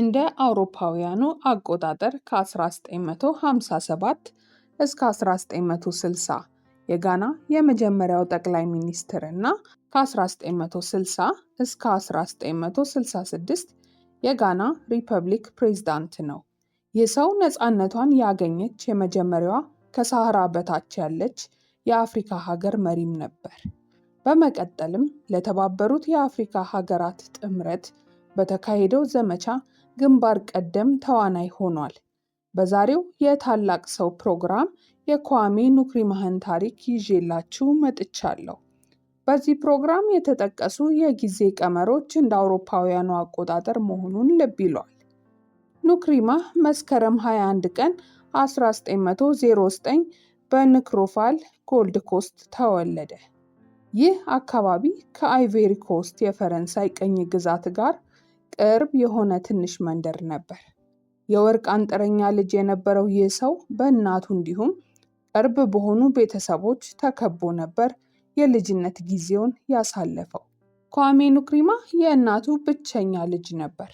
እንደ አውሮፓውያኑ አቆጣጠር ከ1957 እስከ 1960 የጋና የመጀመሪያው ጠቅላይ ሚኒስትር እና ከ1960 እስከ 1966 የጋና ሪፐብሊክ ፕሬዝዳንት ነው። ይህ ሰው ነፃነቷን ያገኘች የመጀመሪያዋ ከሳህራ በታች ያለች የአፍሪካ ሀገር መሪም ነበር። በመቀጠልም ለተባበሩት የአፍሪካ ሀገራት ጥምረት በተካሄደው ዘመቻ ግንባር ቀደም ተዋናይ ሆኗል። በዛሬው የታላቅ ሰው ፕሮግራም የkwame ኑክሪማህን ታሪክ ይዤላችሁ መጥቻለሁ። በዚህ ፕሮግራም የተጠቀሱ የጊዜ ቀመሮች እንደ አውሮፓውያኑ አቆጣጠር መሆኑን ልብ ይሏል። ንክሩማህ መስከረም 21 ቀን 1909 በንክሮፋል ጎልድ ኮስት ተወለደ። ይህ አካባቢ ከአይቬሪ ኮስት የፈረንሳይ ቅኝ ግዛት ጋር ቅርብ የሆነ ትንሽ መንደር ነበር። የወርቅ አንጥረኛ ልጅ የነበረው ይህ ሰው በእናቱ እንዲሁም ቅርብ በሆኑ ቤተሰቦች ተከቦ ነበር የልጅነት ጊዜውን ያሳለፈው። ኳሜ ኑክሪማ የእናቱ ብቸኛ ልጅ ነበር።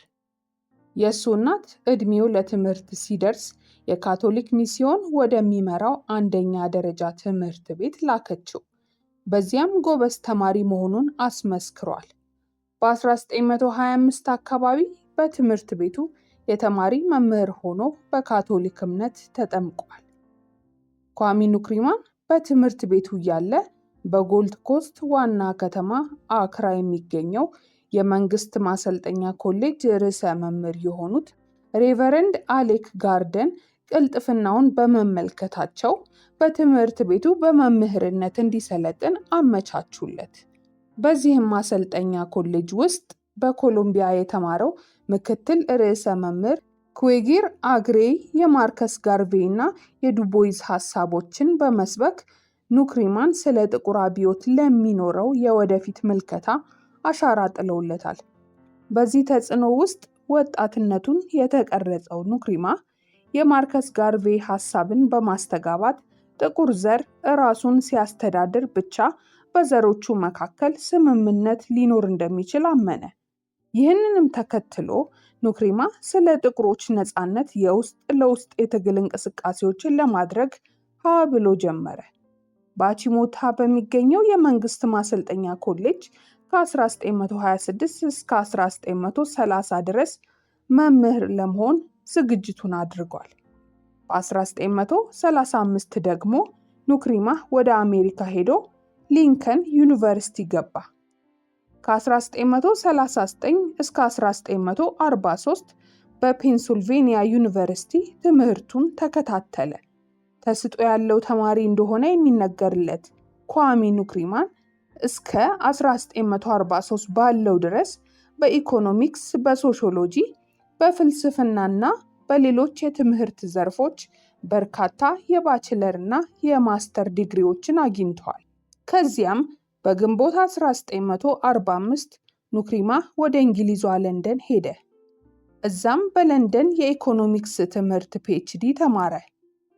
የእሱ እናት ዕድሜው ለትምህርት ሲደርስ የካቶሊክ ሚስዮን ወደሚመራው አንደኛ ደረጃ ትምህርት ቤት ላከችው። በዚያም ጎበዝ ተማሪ መሆኑን አስመስክሯል። በ1925 አካባቢ በትምህርት ቤቱ የተማሪ መምህር ሆኖ በካቶሊክ እምነት ተጠምቋል። ኳሚ ንክሩማን በትምህርት ቤቱ እያለ በጎልድ ኮስት ዋና ከተማ አክራ የሚገኘው የመንግስት ማሰልጠኛ ኮሌጅ ርዕሰ መምህር የሆኑት ሬቨረንድ አሌክ ጋርደን ቅልጥፍናውን በመመልከታቸው በትምህርት ቤቱ በመምህርነት እንዲሰለጥን አመቻቹለት። በዚህም ማሰልጠኛ ኮሌጅ ውስጥ በኮሎምቢያ የተማረው ምክትል ርዕሰ መምህር ኩዌጊር አግሬ የማርከስ ጋርቬ እና የዱቦይዝ ሀሳቦችን በመስበክ ኑክሪማን ስለ ጥቁር አብዮት ለሚኖረው የወደፊት ምልከታ አሻራ ጥለውለታል። በዚህ ተጽዕኖ ውስጥ ወጣትነቱን የተቀረጸው ኑክሪማ የማርከስ ጋርቬ ሀሳብን በማስተጋባት ጥቁር ዘር ራሱን ሲያስተዳድር ብቻ በዘሮቹ መካከል ስምምነት ሊኖር እንደሚችል አመነ። ይህንንም ተከትሎ ኑክሪማ ስለ ጥቁሮች ነፃነት የውስጥ ለውስጥ የትግል እንቅስቃሴዎችን ለማድረግ ሀ ብሎ ጀመረ። በአቺሞታ በሚገኘው የመንግስት ማሰልጠኛ ኮሌጅ ከ1926 እስከ 1930 ድረስ መምህር ለመሆን ዝግጅቱን አድርጓል። በ1935 ደግሞ ኑክሪማ ወደ አሜሪካ ሄዶ ሊንከን ዩኒቨርሲቲ ገባ። ከ1939 እስከ 1943 በፔንስልቬንያ ዩኒቨርሲቲ ትምህርቱን ተከታተለ። ተስጦ ያለው ተማሪ እንደሆነ የሚነገርለት ኳሚ ኑክሪማን እስከ 1943 ባለው ድረስ በኢኮኖሚክስ፣ በሶሺዮሎጂ፣ በፍልስፍናና በሌሎች የትምህርት ዘርፎች በርካታ የባችለርና የማስተር ዲግሪዎችን አግኝተዋል። ከዚያም በግንቦት 1945 ኑክሪማ ወደ እንግሊዟ ለንደን ሄደ። እዛም በለንደን የኢኮኖሚክስ ትምህርት ፒኤችዲ ተማረ።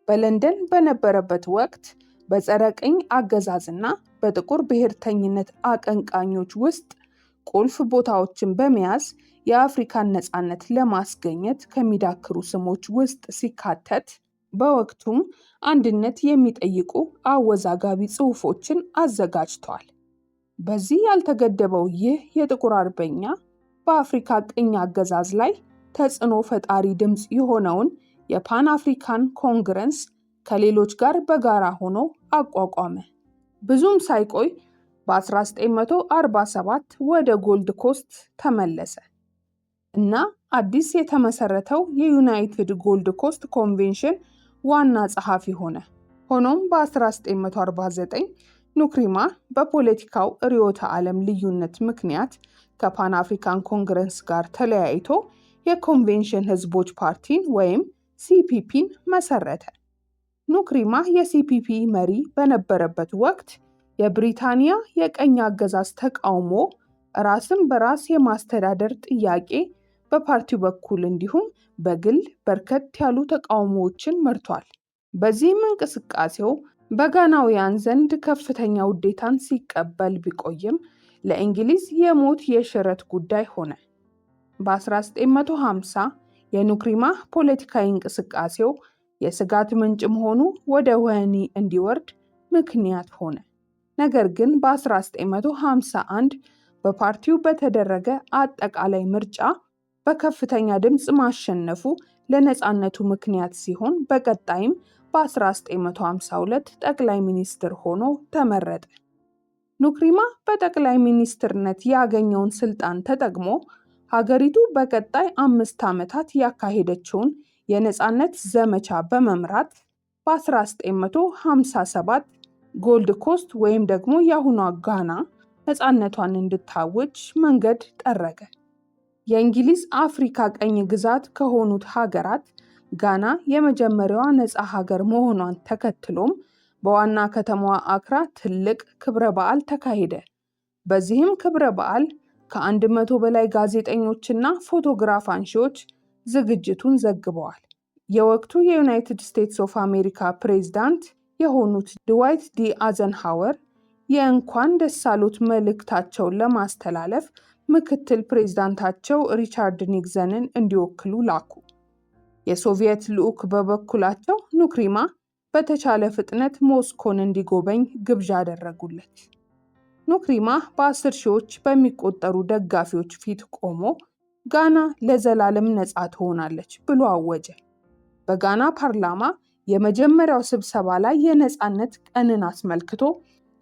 በለንደን በነበረበት ወቅት በጸረ ቅኝ አገዛዝና በጥቁር ብሔርተኝነት አቀንቃኞች ውስጥ ቁልፍ ቦታዎችን በመያዝ የአፍሪካን ነፃነት ለማስገኘት ከሚዳክሩ ስሞች ውስጥ ሲካተት በወቅቱም አንድነት የሚጠይቁ አወዛጋቢ ጽሑፎችን አዘጋጅቷል። በዚህ ያልተገደበው ይህ የጥቁር አርበኛ በአፍሪካ ቅኝ አገዛዝ ላይ ተጽዕኖ ፈጣሪ ድምፅ የሆነውን የፓን አፍሪካን ኮንግረስ ከሌሎች ጋር በጋራ ሆኖ አቋቋመ። ብዙም ሳይቆይ በ1947 ወደ ጎልድ ኮስት ተመለሰ እና አዲስ የተመሰረተው የዩናይትድ ጎልድ ኮስት ኮንቬንሽን ዋና ጸሐፊ ሆነ። ሆኖም በ1949 ኑክሪማ በፖለቲካው ርዕዮተ ዓለም ልዩነት ምክንያት ከፓን አፍሪካን ኮንግረስ ጋር ተለያይቶ የኮንቬንሽን ህዝቦች ፓርቲን ወይም ሲፒፒን መሰረተ። ኑክሪማ የሲፒፒ መሪ በነበረበት ወቅት የብሪታንያ የቀኝ አገዛዝ ተቃውሞ ራስን በራስ የማስተዳደር ጥያቄ በፓርቲው በኩል እንዲሁም በግል በርከት ያሉ ተቃውሞዎችን መርቷል። በዚህም እንቅስቃሴው በጋናውያን ዘንድ ከፍተኛ ውዴታን ሲቀበል ቢቆይም ለእንግሊዝ የሞት የሽረት ጉዳይ ሆነ። በ1950 የኑክሪማ ፖለቲካዊ እንቅስቃሴው የስጋት ምንጭ መሆኑ ወደ ወህኒ እንዲወርድ ምክንያት ሆነ። ነገር ግን በ1951 በፓርቲው በተደረገ አጠቃላይ ምርጫ በከፍተኛ ድምፅ ማሸነፉ ለነፃነቱ ምክንያት ሲሆን በቀጣይም በ1952 ጠቅላይ ሚኒስትር ሆኖ ተመረጠ። ኑክሪማ በጠቅላይ ሚኒስትርነት ያገኘውን ስልጣን ተጠቅሞ ሀገሪቱ በቀጣይ አምስት ዓመታት ያካሄደችውን የነፃነት ዘመቻ በመምራት በ1957 ጎልድ ኮስት ወይም ደግሞ የአሁኗ ጋና ነፃነቷን እንድታወጅ መንገድ ጠረገ። የእንግሊዝ አፍሪካ ቀኝ ግዛት ከሆኑት ሀገራት ጋና የመጀመሪያዋ ነፃ ሀገር መሆኗን ተከትሎም በዋና ከተማዋ አክራ ትልቅ ክብረ በዓል ተካሄደ። በዚህም ክብረ በዓል ከአንድ መቶ በላይ ጋዜጠኞችና ፎቶግራፍ አንሺዎች ዝግጅቱን ዘግበዋል። የወቅቱ የዩናይትድ ስቴትስ ኦፍ አሜሪካ ፕሬዝዳንት የሆኑት ድዋይት ዲ አዘንሃወር የእንኳን ደስ አሎት መልእክታቸውን ለማስተላለፍ ምክትል ፕሬዝዳንታቸው ሪቻርድ ኒክሰንን እንዲወክሉ ላኩ። የሶቪየት ልዑክ በበኩላቸው ኑክሪማ በተቻለ ፍጥነት ሞስኮን እንዲጎበኝ ግብዣ አደረጉለት። ኑክሪማ በአስር ሺዎች በሚቆጠሩ ደጋፊዎች ፊት ቆሞ ጋና ለዘላለም ነፃ ትሆናለች ብሎ አወጀ። በጋና ፓርላማ የመጀመሪያው ስብሰባ ላይ የነፃነት ቀንን አስመልክቶ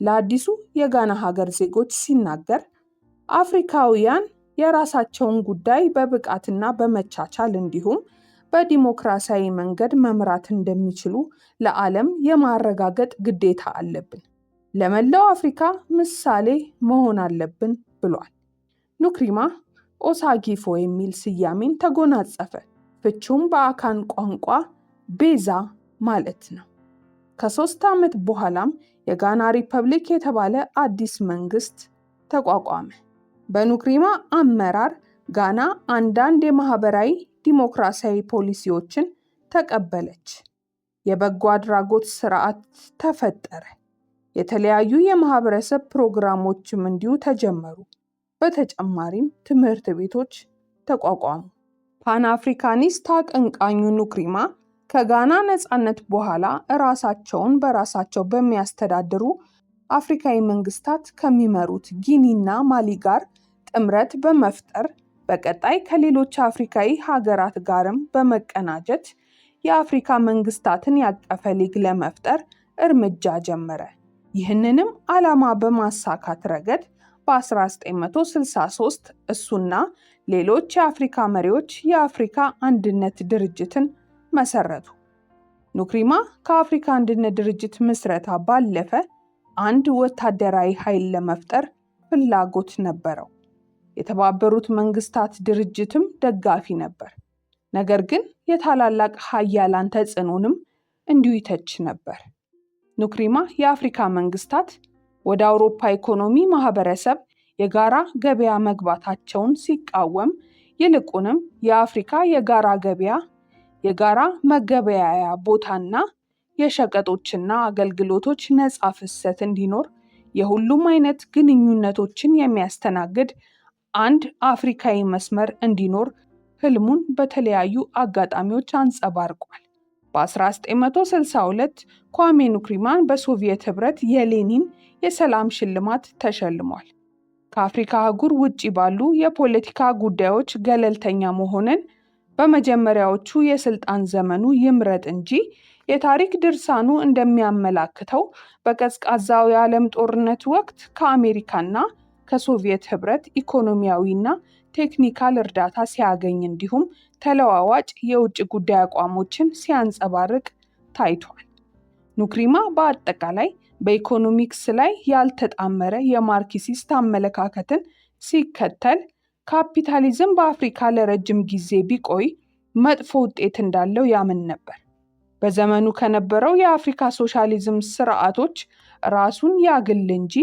ለአዲሱ የጋና ሀገር ዜጎች ሲናገር አፍሪካውያን የራሳቸውን ጉዳይ በብቃትና በመቻቻል እንዲሁም በዲሞክራሲያዊ መንገድ መምራት እንደሚችሉ ለዓለም የማረጋገጥ ግዴታ አለብን፣ ለመላው አፍሪካ ምሳሌ መሆን አለብን ብሏል። ኑክሪማ ኦሳጊፎ የሚል ስያሜን ተጎናጸፈ። ፍቹም በአካን ቋንቋ ቤዛ ማለት ነው። ከሶስት ዓመት በኋላም የጋና ሪፐብሊክ የተባለ አዲስ መንግስት ተቋቋመ። በኑክሪማ አመራር ጋና አንዳንድ የማህበራዊ ዲሞክራሲያዊ ፖሊሲዎችን ተቀበለች። የበጎ አድራጎት ስርዓት ተፈጠረ። የተለያዩ የማህበረሰብ ፕሮግራሞችም እንዲሁ ተጀመሩ። በተጨማሪም ትምህርት ቤቶች ተቋቋሙ። ፓን አፍሪካኒስት አቀንቃኙ ኑክሪማ ከጋና ነፃነት በኋላ ራሳቸውን በራሳቸው በሚያስተዳድሩ አፍሪካዊ መንግስታት ከሚመሩት ጊኒና ማሊ ጋር ጥምረት በመፍጠር በቀጣይ ከሌሎች አፍሪካዊ ሀገራት ጋርም በመቀናጀት የአፍሪካ መንግስታትን ያቀፈ ሊግ ለመፍጠር እርምጃ ጀመረ። ይህንንም ዓላማ በማሳካት ረገድ በ1963 እሱና ሌሎች የአፍሪካ መሪዎች የአፍሪካ አንድነት ድርጅትን መሰረቱ። ኑክሪማ ከአፍሪካ አንድነት ድርጅት ምስረታ ባለፈ አንድ ወታደራዊ ኃይል ለመፍጠር ፍላጎት ነበረው። የተባበሩት መንግስታት ድርጅትም ደጋፊ ነበር። ነገር ግን የታላላቅ ሀያላን ተጽዕኖንም እንዲሁ ይተች ነበር። ኑክሪማ የአፍሪካ መንግስታት ወደ አውሮፓ ኢኮኖሚ ማህበረሰብ የጋራ ገበያ መግባታቸውን ሲቃወም ይልቁንም የአፍሪካ የጋራ ገበያ የጋራ መገበያያ ቦታና የሸቀጦችና አገልግሎቶች ነፃ ፍሰት እንዲኖር የሁሉም አይነት ግንኙነቶችን የሚያስተናግድ አንድ አፍሪካዊ መስመር እንዲኖር ህልሙን በተለያዩ አጋጣሚዎች አንጸባርቋል። በ1962 ኳሜ ንክሩማን በሶቪየት ህብረት የሌኒን የሰላም ሽልማት ተሸልሟል። ከአፍሪካ አህጉር ውጭ ባሉ የፖለቲካ ጉዳዮች ገለልተኛ መሆንን በመጀመሪያዎቹ የስልጣን ዘመኑ ይምረጥ እንጂ የታሪክ ድርሳኑ እንደሚያመላክተው በቀዝቃዛው የዓለም ጦርነት ወቅት ከአሜሪካና ከሶቪየት ህብረት ኢኮኖሚያዊና ቴክኒካል እርዳታ ሲያገኝ እንዲሁም ተለዋዋጭ የውጭ ጉዳይ አቋሞችን ሲያንጸባርቅ ታይቷል። ኑክሪማ በአጠቃላይ በኢኮኖሚክስ ላይ ያልተጣመረ የማርክሲስት አመለካከትን ሲከተል ካፒታሊዝም በአፍሪካ ለረጅም ጊዜ ቢቆይ መጥፎ ውጤት እንዳለው ያምን ነበር። በዘመኑ ከነበረው የአፍሪካ ሶሻሊዝም ስርዓቶች ራሱን ያግል እንጂ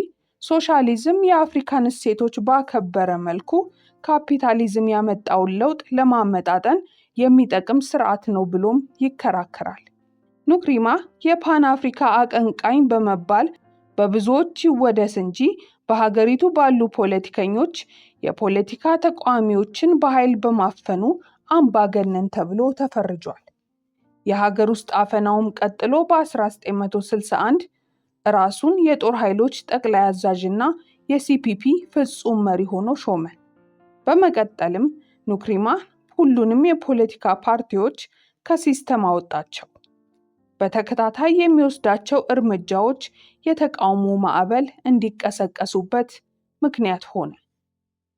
ሶሻሊዝም የአፍሪካን እሴቶች ባከበረ መልኩ ካፒታሊዝም ያመጣውን ለውጥ ለማመጣጠን የሚጠቅም ስርዓት ነው ብሎም ይከራከራል። ኑክሪማ የፓን አፍሪካ አቀንቃኝ በመባል በብዙዎች ይወደስ እንጂ በሀገሪቱ ባሉ ፖለቲከኞች የፖለቲካ ተቃዋሚዎችን በኃይል በማፈኑ አምባገነን ተብሎ ተፈርጇል። የሀገር ውስጥ አፈናውም ቀጥሎ በ1961 ራሱን የጦር ኃይሎች ጠቅላይ አዛዥና የሲፒፒ ፍጹም መሪ ሆኖ ሾመ። በመቀጠልም ኑክሪማ ሁሉንም የፖለቲካ ፓርቲዎች ከሲስተም አወጣቸው። በተከታታይ የሚወስዳቸው እርምጃዎች የተቃውሞ ማዕበል እንዲቀሰቀሱበት ምክንያት ሆነ።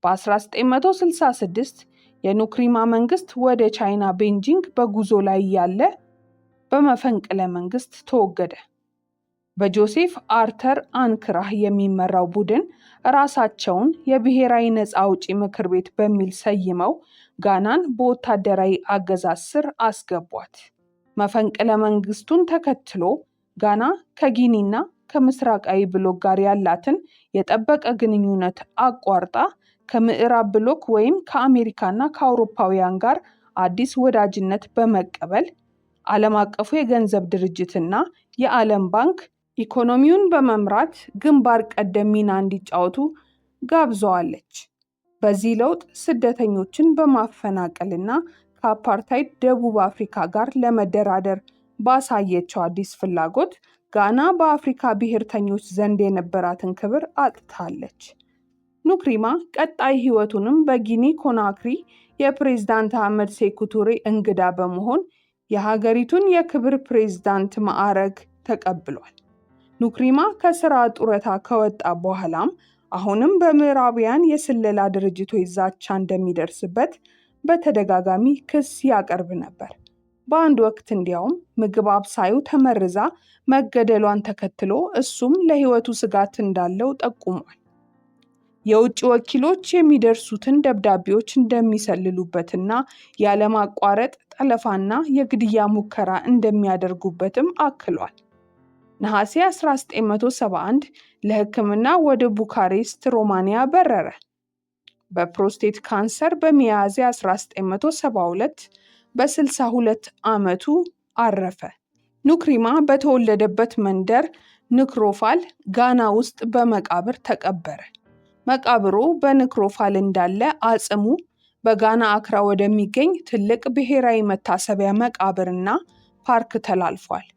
በ1966 የኑክሪማ መንግስት ወደ ቻይና ቤንጂንግ በጉዞ ላይ ያለ በመፈንቅለ መንግስት ተወገደ። በጆሴፍ አርተር አንክራህ የሚመራው ቡድን ራሳቸውን የብሔራዊ ነፃ አውጪ ምክር ቤት በሚል ሰይመው ጋናን በወታደራዊ አገዛዝ ስር አስገቧት። መፈንቅለ መንግስቱን ተከትሎ ጋና ከጊኒና ከምስራቃዊ ብሎክ ጋር ያላትን የጠበቀ ግንኙነት አቋርጣ ከምዕራብ ብሎክ ወይም ከአሜሪካና ከአውሮፓውያን ጋር አዲስ ወዳጅነት በመቀበል ዓለም አቀፉ የገንዘብ ድርጅትና የዓለም ባንክ ኢኮኖሚውን በመምራት ግንባር ቀደም ሚና እንዲጫወቱ ጋብዘዋለች። በዚህ ለውጥ ስደተኞችን በማፈናቀልና ከአፓርታይድ ደቡብ አፍሪካ ጋር ለመደራደር ባሳየችው አዲስ ፍላጎት ጋና በአፍሪካ ብሔርተኞች ዘንድ የነበራትን ክብር አጥታለች። ኑክሪማ ቀጣይ ህይወቱንም በጊኒ ኮናክሪ የፕሬዝዳንት አህመድ ሴኩቱሬ እንግዳ በመሆን የሀገሪቱን የክብር ፕሬዝዳንት ማዕረግ ተቀብሏል። ኑክሪማ ከስራ ጡረታ ከወጣ በኋላም አሁንም በምዕራብያን የስለላ ድርጅቶች ዛቻ እንደሚደርስበት በተደጋጋሚ ክስ ያቀርብ ነበር። በአንድ ወቅት እንዲያውም ምግብ አብሳዩ ተመርዛ መገደሏን ተከትሎ እሱም ለሕይወቱ ስጋት እንዳለው ጠቁሟል። የውጭ ወኪሎች የሚደርሱትን ደብዳቤዎች እንደሚሰልሉበትና ያለማቋረጥ ጠለፋና የግድያ ሙከራ እንደሚያደርጉበትም አክሏል። ነሐሴ 1971 ለሕክምና ወደ ቡካሬስት ሮማንያ በረረ። በፕሮስቴት ካንሰር በሚያዝያ 1972 በ62 ዓመቱ አረፈ። ኑክሪማ በተወለደበት መንደር ንክሮፋል ጋና ውስጥ በመቃብር ተቀበረ። መቃብሩ በንክሮፋል እንዳለ አጽሙ በጋና አክራ ወደሚገኝ ትልቅ ብሔራዊ መታሰቢያ መቃብርና ፓርክ ተላልፏል።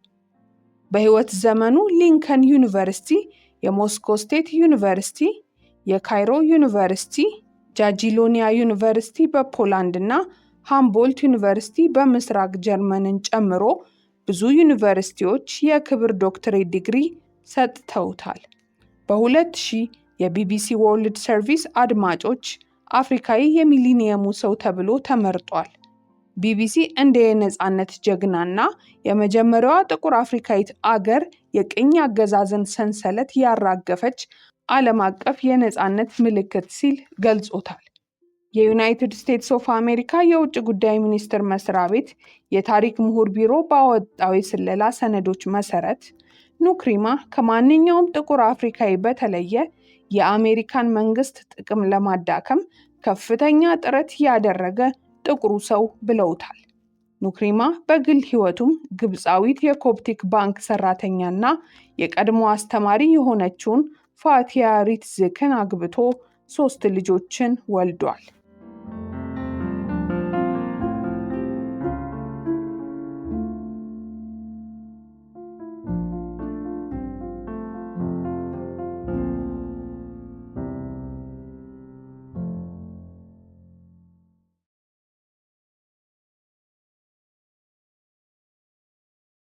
በሕይወት ዘመኑ ሊንከን ዩኒቨርሲቲ፣ የሞስኮ ስቴት ዩኒቨርሲቲ፣ የካይሮ ዩኒቨርሲቲ፣ ጃጂሎኒያ ዩኒቨርሲቲ በፖላንድ እና ሃምቦልት ዩኒቨርሲቲ በምስራቅ ጀርመንን ጨምሮ ብዙ ዩኒቨርሲቲዎች የክብር ዶክትሬት ዲግሪ ሰጥተውታል። በ2000 የቢቢሲ ወርልድ ሰርቪስ አድማጮች አፍሪካዊ የሚሊኒየሙ ሰው ተብሎ ተመርጧል። ቢቢሲ እንደ የነፃነት ጀግናና የመጀመሪያዋ ጥቁር አፍሪካዊት አገር የቅኝ አገዛዝን ሰንሰለት ያራገፈች ዓለም አቀፍ የነፃነት ምልክት ሲል ገልጾታል። የዩናይትድ ስቴትስ ኦፍ አሜሪካ የውጭ ጉዳይ ሚኒስቴር መስሪያ ቤት የታሪክ ምሁር ቢሮ ባወጣው የስለላ ሰነዶች መሰረት ኑክሪማ ከማንኛውም ጥቁር አፍሪካዊ በተለየ የአሜሪካን መንግስት ጥቅም ለማዳከም ከፍተኛ ጥረት ያደረገ ጥቁሩ ሰው ብለውታል። ኑክሪማ በግል ህይወቱም ግብፃዊት የኮፕቲክ ባንክ ሰራተኛና የቀድሞ አስተማሪ የሆነችውን ፋቲያ ሪትዝክን አግብቶ ሶስት ልጆችን ወልዷል።